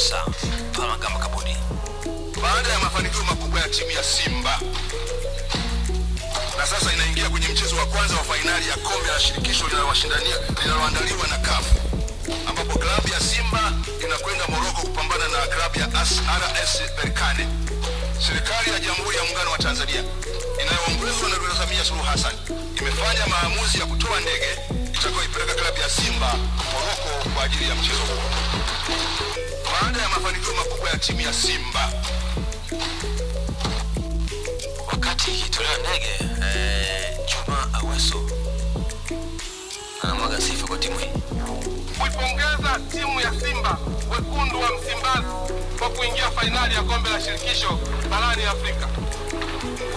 Pesa Panga Makabudi. Baada ya mafanikio makubwa ya timu ya Simba na sasa inaingia kwenye mchezo wa kwanza wa fainali ya kombe la shirikisho linalowashindania linaloandaliwa na CAF ambapo klabu ya Simba inakwenda Moroko kupambana na klabu ya RS Berkane. Serikali ya Jamhuri ya Muungano wa Tanzania inayoongozwa na Dr. Samia Suluhu Hassan imefanya maamuzi ya kutoa ndege itakayoipeleka klabu ya Simba Moroko kwa ajili ya mchezo huo. Baada ya mafanikio makubwa ya timu ya Simba wakati ikitolewa ndege eh, Juma Aweso anamwaga sifa kwa timu hii, kuipongeza timu ya Simba wekundu wa Msimbazi kwa kuingia fainali ya kombe la shirikisho barani Afrika.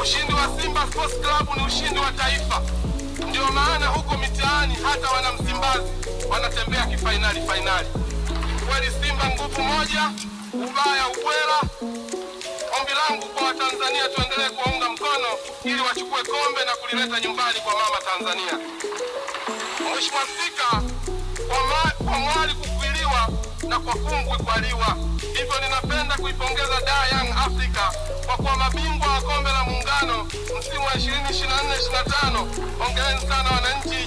Ushindi wa Simba Sports Club ni ushindi wa taifa, ndio maana huko mitaani hata wana Msimbazi wanatembea kifainali fainali. Kweli Simba nguvu moja, ubaya ukwela. Ombi langu kwa Watanzania, tuendelee kuwaunga mkono ili wachukue kombe na kulileta nyumbani kwa mama Tanzania. Mheshimiwa Spika, kwa mwali kukwiliwa na kwa kungwi kwaliwa, hivyo ninapenda kuipongeza da Young Africa kwa kuwa mabingwa wa kombe la Muungano msimu wa 2024 25. Hongereni sana wananchi.